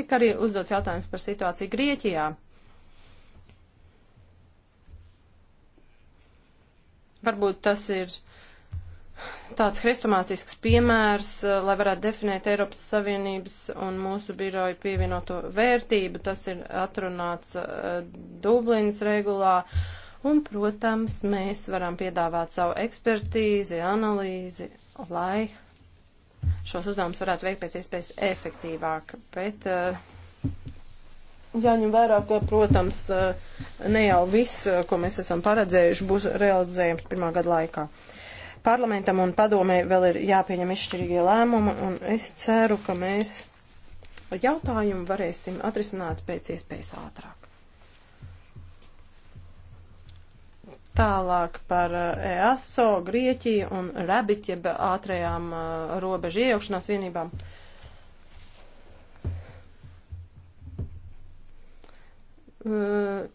Tik arī uzdots jautājums par situāciju Grieķijā. Varbūt tas ir uh, tāds hristomātisks piemērs, eh, lai varētu definēt Eiropas Savienības un mūsu biroju pievienoto vērtību. Tas ir atrunāts eh, Dublinas regulā. Un, protams, mēs varam piedāvāt savu ekspertīzi, analīzi, lai šos uzdevumus varētu veikt pēc iespējas efektīvāk. Bet eh, jāņem vērā, ka, protams, ne jau viss, ko mēs esam paredzējuši, būs realizējams pirmā gada laikā. Uh, Parlamentam un padomē vēl ir jāpieņem izšķirīgie lēmumi, un es ceru, ka mēs jautājumu varēsim atrisināt pēc iespējas ātrāk. Tālāk par eh, EASO, Grieķiju un Rabit, jeb ātrajām eh, robežu iejaukšanās vienībām. Uh,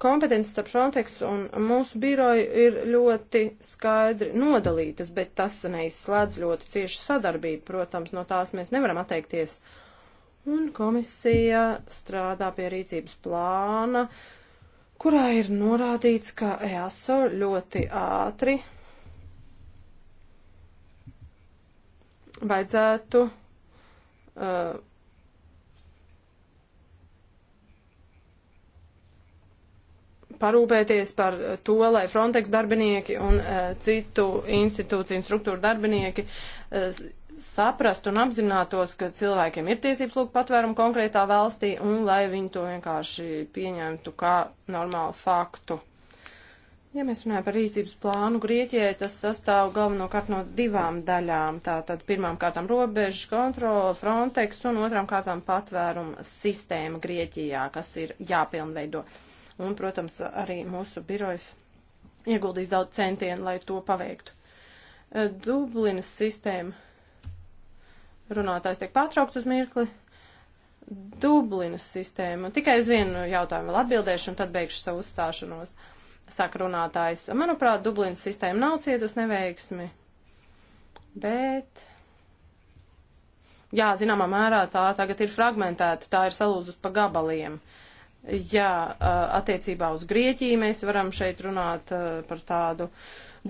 kompetences starp Frontex un mūsu biroju ir ļoti skaidri nodalītas, bet tas neizslēdz ļoti ciešu sadarbību. Protams, no tās mēs nevaram atteikties. Un komisija strādā pie rīcības plāna, kurā ir norādīts, ka EASO ļoti ātri vajadzētu uh, parūpēties par to, lai Frontex darbinieki un uh, citu institūciju un struktūru darbinieki uh, eh, saprastu un apzinātos, ka cilvēkiem ir tiesības lūgt patvērumu konkrētā valstī un lai viņi to vienkārši pieņemtu kā normālu faktu. Ja mēs runājam par rīcības plānu Grieķijai, tas sastāv galvenokārt no divām daļām. Tātad pirmām kārtām robežu kontrola, Frontex un otrām kārtām patvēruma sistēma Grieķijā, kas ir jāpilnveido. Uh, un, protams, arī mūsu birojas ieguldīs daudz centienu, lai to paveiktu. Dublinas sistēma. Runātājs tiek pārtraukts uz mirkli. Dublinas sistēma. Tikai uz vienu jautājumu vēl atbildēšu un tad beigšu savu uzstāšanos. Saka runātājs. Manuprāt, Dublinas sistēma nav cietus neveiksmi, bet. Jā, zināmā mērā tā tagad ir fragmentēta, tā ir salūzus pa gabaliem. Uh, Jā, attiecībā uz Grieķiju mēs varam šeit runāt par tādu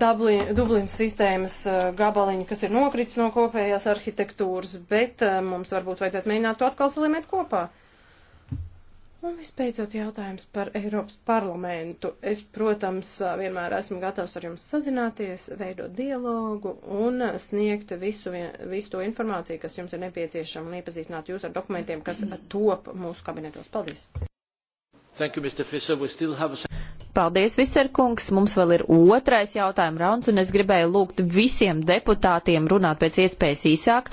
Dublinas Dublin sistēmas gabaliņu, kas ir nokritis no kopējās arhitektūras, bet mums varbūt vajadzētu mēģināt to atkal salimēt kopā. Un vispēcot jautājums par Eiropas parlamentu. Es, protams, vienmēr esmu gatavs ar jums sazināties, veidot dialogu un sniegt visu, visu to informāciju, kas jums ir nepieciešama un iepazīstināt jūs ar dokumentiem, kas top mūsu kabinetos. Paldies! You, a... Paldies, Viserkungs. Mums vēl ir otrais jautājuma rauns, un es gribēju lūgt visiem deputātiem runāt pēc iespējas īsāk,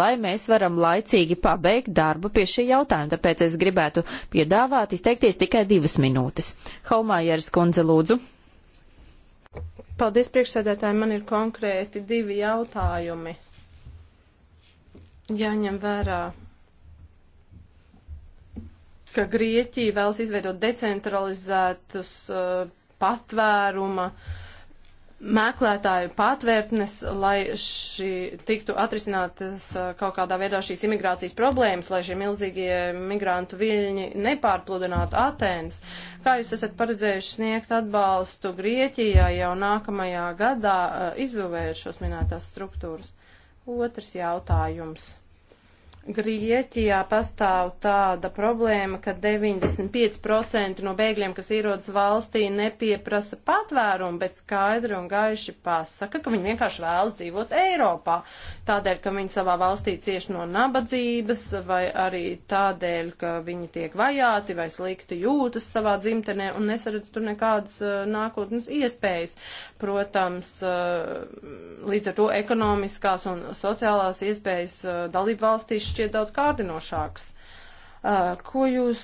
lai mēs varam laicīgi pabeigt darbu pie šī jautājuma. Tāpēc es gribētu piedāvāt izteikties tikai divas minūtes. Haumājers kundze, lūdzu. Paldies, priekšsēdētāji. Man ir konkrēti divi jautājumi. Jāņem vērā ka Grieķija vēlas izveidot decentralizētus uh, patvēruma meklētāju patvērtnes, lai šī tiktu atrisinātas uh, kaut kādā veidā šīs imigrācijas problēmas, lai šie milzīgie migrantu viļņi nepārpludinātu Atēnas. Kā jūs esat paredzējuši sniegt atbalstu Grieķijai jau nākamajā gadā, uh, izbūvējot šos minētās struktūras? Otrs jautājums. Grieķijā pastāv tāda problēma, ka 95% no bēgļiem, kas ierodas valstī, nepieprasa patvērumu, bet skaidri un gaiši pasaka, ka viņi vienkārši vēlas dzīvot Eiropā. Tādēļ, ka viņi savā valstī cieš no nabadzības, vai arī tādēļ, ka viņi tiek vajāti vai slikti jūtas savā dzimtenē un nesaredz tur nekādas uh, nākotnes iespējas. Protams, uh, līdz ar to ekonomiskās un sociālās iespējas uh, dalību valstīs šķiet daudz kārdinošāks. Ko jūs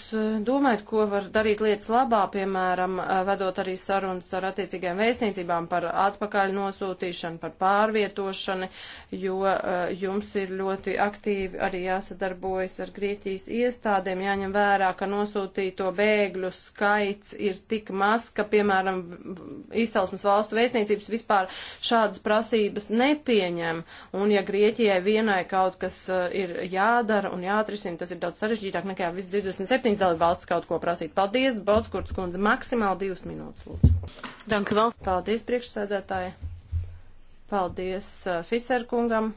domājat, ko var darīt lietas labā, piemēram, vedot arī sarunas ar attiecīgajām vēstniecībām par atpakaļ nosūtīšanu, par pārvietošanu, jo jums ir ļoti aktīvi arī jāsadarbojas ar Grieķijas iestādēm, jāņem vērā, ka nosūtīto bēgļu skaits ir tik maz, ka, piemēram, izcelsmes valstu vēstniecības vispār šādas prasības nepieņem. Un ja Grieķijai vienai kaut kas ir jādara un jāatrisina, tas ir daudz sarežģītāk vairāk nekā viss 27 dalība valsts kaut ko prasīt. Paldies, Botskurts kundze, maksimāli divas minūtes, lūdzu. Danku vēl. Paldies, priekšsēdētāji. Paldies uh, Fiser kungam.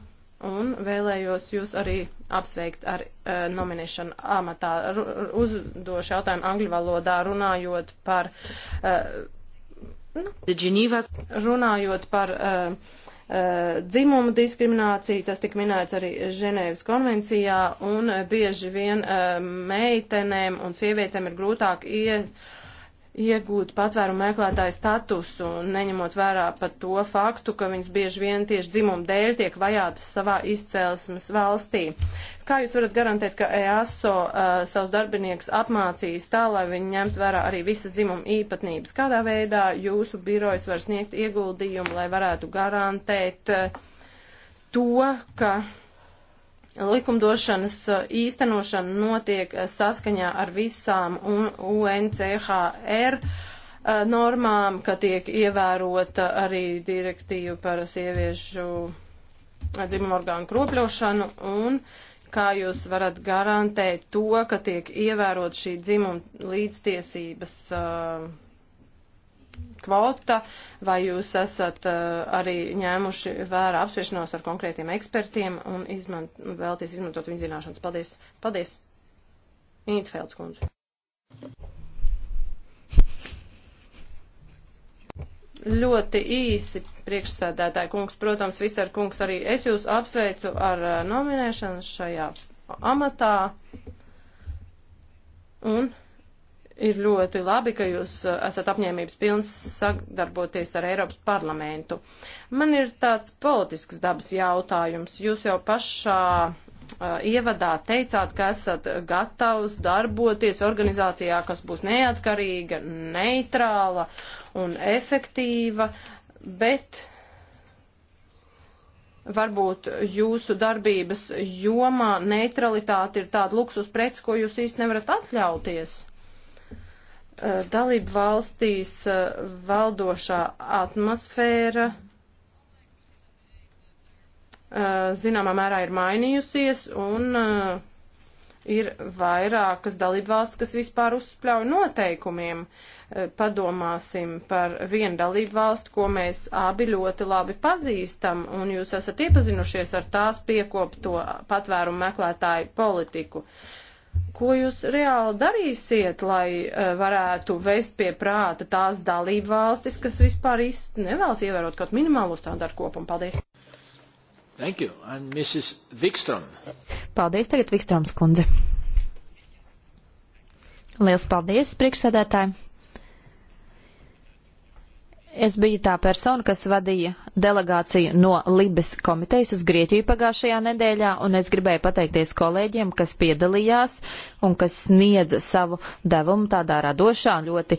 Un vēlējos jūs arī apsveikt ar uh, nominēšanu amatā. Ru, uzdošu jautājumu angļu valodā runājot par. Uh, nu, Runājot par. Uh, Eh, dzimumu diskrimināciju, tas tika minēts arī Ženēvas konvencijā, un bieži vien eh, meitenēm un sievietēm ir grūtāk iet iegūt patvērumu meklētāju statusu, neņemot vērā pat to faktu, ka viņas bieži vien tieši dzimumu dēļ tiek vajātas savā izcēlesmes valstī. Kā jūs varat garantēt, ka EASO uh, savus darbinieks apmācīs tā, lai viņi ņemt vērā arī visas dzimumu īpatnības? Kādā veidā jūsu birojas var sniegt ieguldījumu, lai varētu garantēt uh, to, ka likumdošanas e, īstenošana notiek e, saskaņā ar visām UNCHR e, normām, ka tiek ievērota arī direktīva par sieviešu dzimumu orgānu kropļošanu un kā jūs varat garantēt to, ka tiek ievērot šī dzimuma līdztiesības uh, kvota, vai jūs esat uh, arī ņēmuši vērā apspriešanos ar konkrētiem ekspertiem un izmant, vēlties izmantot viņu zināšanas. Paldies! Paldies! Intfelds kundze. Ļoti īsi priekšsēdētāji kungs, protams, visar kungs arī es jūs apsveicu ar uh, nominēšanu šajā amatā. Un Ir ļoti labi, ka jūs uh, esat apņēmības pilns sadarboties ar Eiropas parlamentu. Man ir tāds politisks dabas jautājums. Jūs jau pašā uh, ievadā teicāt, ka esat gatavs darboties organizācijā, kas būs neatkarīga, neitrāla un efektīva, bet varbūt jūsu darbības jomā neutralitāte ir tāda luksus prets, ko jūs īsti nevarat atļauties. Uh, dalību valstīs uh, valdošā atmosfēra uh, zināmā mērā ir mainījusies un ir vairākas dalībvalsts, kas vispār uzspļauj noteikumiem. Padomāsim par vienu dalībvalstu, ko mēs abi ļoti labi pazīstam, un jūs esat iepazinušies ar tās piekopto patvērumu meklētāju politiku. Uh, Ko jūs reāli darīsiet, lai e, varētu vest pie prāta tās dalību valstis, kas vispār īsti nevēlas ievērot kaut minimālo standartu kopumu? Paldies! Thank you. And Mrs. Vikstrom. Paldies tagad Vikstroms kundze. Liels paldies, priekšsēdētāji! Es biju tā persona, kas vadīja delegāciju no Libes komitejas uz Grieķiju pagājušajā nedēļā, un es gribēju pateikties kolēģiem, kas piedalījās un kas sniedza savu devumu tādā radošā, ļoti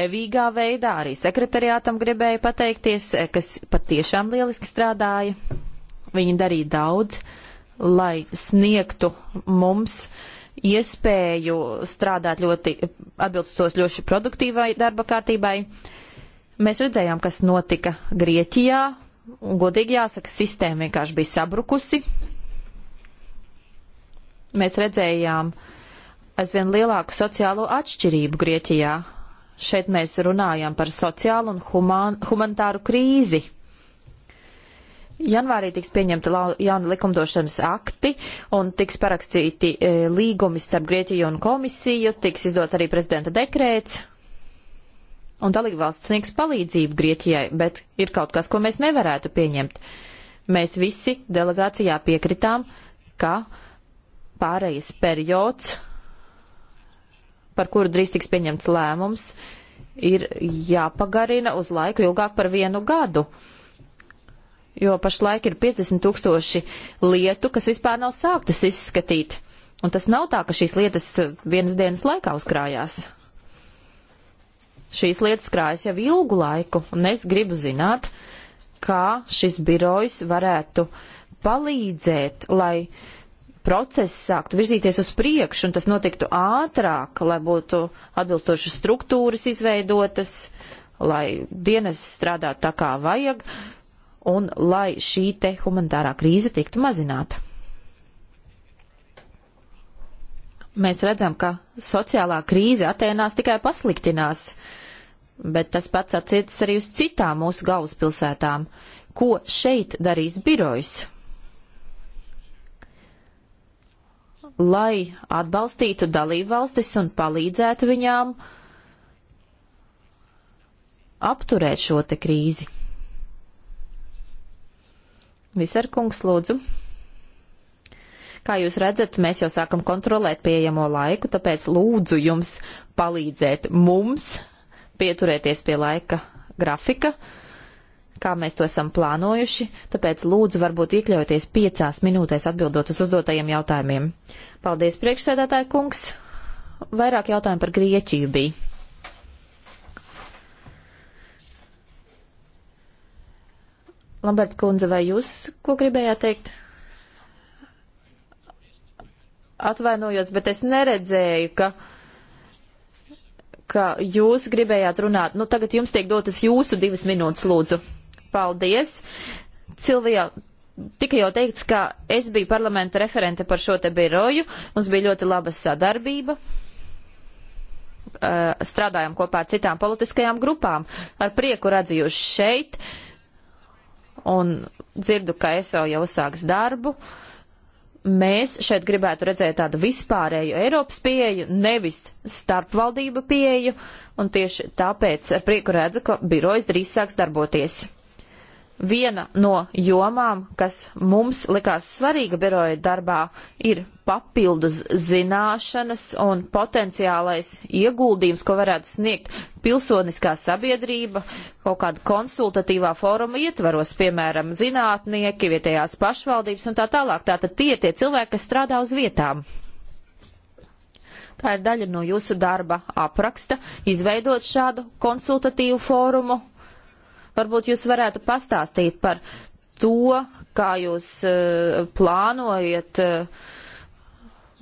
devīgā veidā. Arī sekretariātam gribēju pateikties, eh, kas patiešām lieliski strādāja. Viņi darīja daudz, lai sniegtu mums iespēju strādāt ļoti atbilstoši ļoti produktīvai darba kārtībai. Mēs redzējām, kas notika Grieķijā. Godīgi jāsaka, sistēma vienkārši bija sabrukusi. Mēs redzējām aizvien lielāku sociālo atšķirību Grieķijā. Šeit mēs runājam par sociālu un human, humanitāru krīzi. Janvārī tiks pieņemta jauna likumdošanas akti un tiks parakstīti e, līgumi starp Grieķiju un komisiju, tiks izdots arī prezidenta dekrēts, un dalībvalsts sniegs palīdzību Grieķijai, bet ir kaut kas, ko mēs nevarētu pieņemt. Mēs visi delegācijā piekritām, ka pārējais periods, par kuru drīz tiks pieņemts lēmums, ir jāpagarina uz laiku ilgāk par vienu gadu. Jo pašlaik ir 50 tūkstoši lietu, kas vispār nav sāktas izskatīt. Un tas nav tā, ka šīs lietas vienas dienas laikā uzkrājās. Šīs lietas krājas jau ilgu laiku, un es gribu zināt, kā šis birojs varētu palīdzēt, lai process sāktu virzīties uz priekšu, un tas notiktu ātrāk, lai būtu atbilstošas struktūras izveidotas, lai dienas strādātu tā kā vajag, un lai šī te humanitārā krīze tiktu mazināta. Mēs redzam, ka sociālā krīze Atēnās tikai pasliktinās bet tas pats attiecas arī uz citām mūsu galvaspilsētām. Ko šeit darīs birojs? Lai atbalstītu dalību valstis un palīdzētu viņām apturēt šo te krīzi. Visarkungs, lūdzu. Kā jūs redzat, mēs jau sākam kontrolēt pieejamo laiku, tāpēc lūdzu jums palīdzēt mums pieturēties pie laika grafika, kā mēs to esam plānojuši, tāpēc lūdzu varbūt iekļauties piecās minūtēs atbildot uz uzdotajiem jautājumiem. Paldies, priekšsēdētāja kungs! Vairāk jautājumu par Grieķiju bija. Lamberts kundze, vai jūs ko gribējāt teikt? Atvainojos, bet es neredzēju, ka. Uh, ka jūs gribējāt runāt. Nu, tagad jums tiek dotas jūsu divas minūtes, lūdzu. Paldies. Silvija, tika jau teikts, ka es biju parlamenta referente par šo te biroju. Mums bija ļoti laba sadarbība. Eh, Strādājām kopā ar citām politiskajām grupām. Ar prieku redzu jūs šeit un dzirdu, ka ESO jau uzsāks darbu. Uh, mēs šeit gribētu redzēt tādu vispārēju Eiropas pieeju, nevis starpvaldība pieeju, un tieši tāpēc ar prieku redzu, ka birojas drīz sāks darboties. Viena no jomām, kas mums likās svarīga biroja darbā, ir papildus zināšanas un potenciālais ieguldījums, ko varētu sniegt pilsoniskā sabiedrība kaut kāda konsultatīvā fóruma ietvaros, piemēram, zinātnieki, vietējās pašvaldības un tā tālāk. Tātad tie ir tie cilvēki, kas strādā uz vietām. Tā ir daļa no jūsu darba apraksta, izveidot šādu konsultatīvu fórumu Varbūt jūs varētu pastāstīt par to, kā jūs uh, plānojat uh,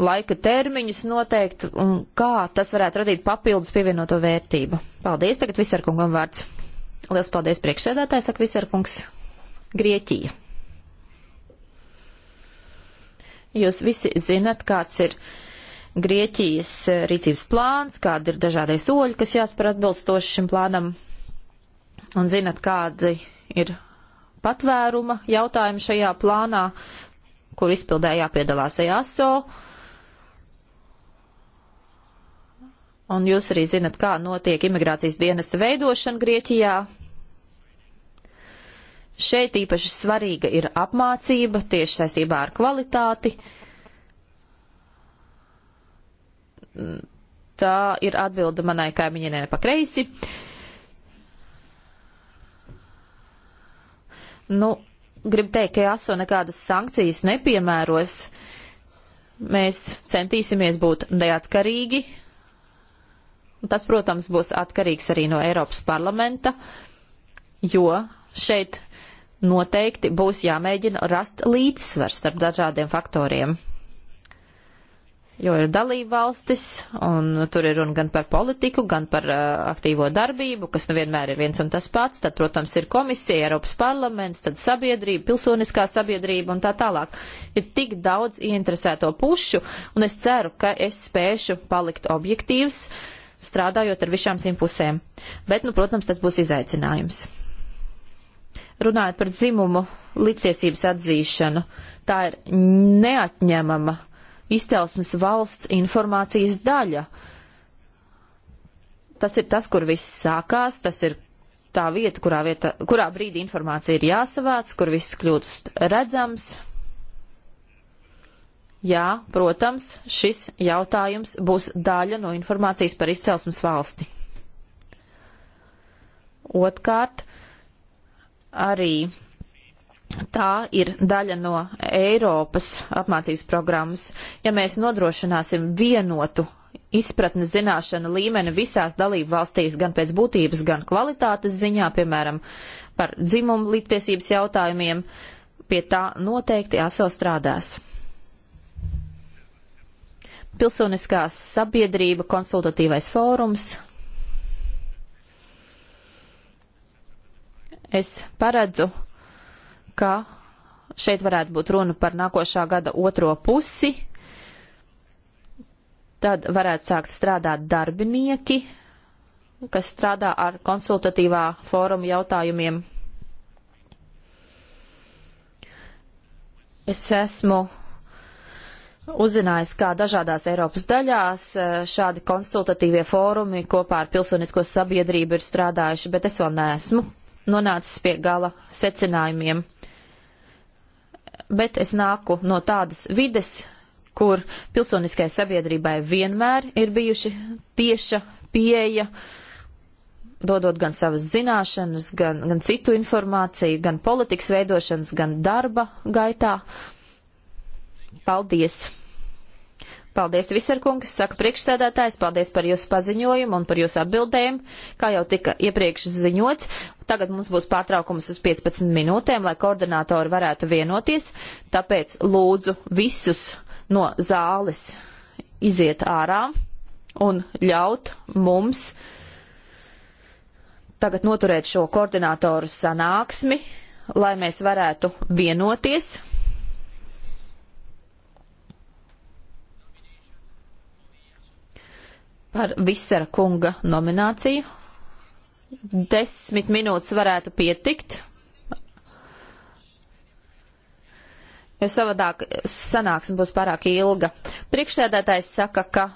laika termiņus noteikt un kā tas varētu radīt papildus pievienoto vērtību. Paldies, tagad Visarkungam vārds. Liels paldies priekšsēdētāji, saka Visarkungs. Grieķija. Jūs visi zinat, kāds ir Grieķijas eh, rīcības plāns, kādi ir dažādie soļi, kas jāspēr atbilstoši šim plānam un zinat, kādi ir patvēruma jautājumi šajā plānā, kur izpildē jāpiedalās EASO. Un jūs arī zinat, kā notiek imigrācijas dienesta veidošana Grieķijā. Šeit īpaši svarīga ir apmācība tieši saistībā ar kvalitāti. Tā ir atbilde manai kaimiņienē pa kreisi. Uh, Nu, gribu teikt, ka ASO nekādas sankcijas nepiemēros. Mēs centīsimies būt neatkarīgi. Tas, protams, būs atkarīgs arī no Eiropas parlamenta, jo šeit noteikti būs jāmēģina rast līdzsvars starp dažādiem faktoriem jo ir dalība valstis, un tur ir runa gan par politiku, gan par uh, aktīvo darbību, kas nu vienmēr ir viens un tas pats. Tad, protams, ir komisija, Eiropas parlaments, tad sabiedrība, pilsoniskā sabiedrība un tā tālāk. Ir tik daudz ieinteresēto pušu, un es ceru, ka es spēšu palikt objektīvs, strādājot ar visām šīm pusēm. Bet, nu, protams, tas būs izaicinājums. Runājot par dzimumu, līdztiesības atzīšanu, tā ir neatņemama izcelsmes valsts informācijas daļa. Tas ir tas, kur viss sākās, tas ir tā vieta, kurā, vieta, kurā brīdī informācija ir jāsavāc, kur viss kļūst redzams. Jā, protams, šis jautājums būs daļa no informācijas par izcelsmes valsti. Otkārt, arī Tā ir daļa no Eiropas apmācības programmas. Ja mēs nodrošināsim vienotu izpratnes zināšanu līmeni visās dalību valstīs, gan pēc būtības, gan kvalitātes ziņā, piemēram, par dzimumu līdztiesības jautājumiem, pie tā noteikti ASO strādās. Pilsoniskās sabiedrība konsultatīvais fórums. Es paredzu, ka šeit varētu būt runa par nākošā gada otro pusi. Tad varētu sākt strādāt darbinieki, kas strādā ar konsultatīvā fóruma jautājumiem. Es esmu uzzinājis, kā dažādās Eiropas daļās e, šādi konsultatīvie fórumi kopā ar pilsonisko sabiedrību ir strādājuši, bet es vēl neesmu nonācis pie gala secinājumiem. Bet es nāku no tādas vides, kur pilsoniskai sabiedrībai vienmēr ir bijuši tieša pieeja, dodot gan savas zināšanas, gan, gan citu informāciju, gan politikas veidošanas, gan darba gaitā. Paldies! Paldies, Visarkungs, saka priekšstādātājs, paldies par jūsu paziņojumu un par jūsu atbildēm. Kā jau tika iepriekš ziņots, tagad mums būs pārtraukums uz 15 minūtēm, lai koordinātori varētu vienoties, tāpēc lūdzu visus no zāles iziet ārā un ļaut mums tagad noturēt šo koordinātoru sanāksmi, lai mēs varētu vienoties par Visera kunga nomināciju. Desmit minūtes varētu pietikt. Jo savādāk sanāksme būs pārāk ilga. Priekšsēdētājs saka, ka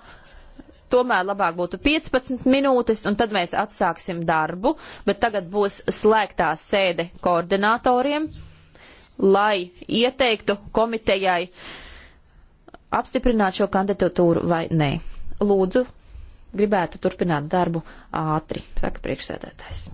tomēr labāk būtu 15 minūtes, un tad mēs atsāksim darbu, bet tagad būs slēgtā sēde koordinatoriem, lai ieteiktu komitejai apstiprināt šo kandidatūru vai nē. Lūdzu, gribētu turpināt darbu ātri, saka priekšsēdētājs.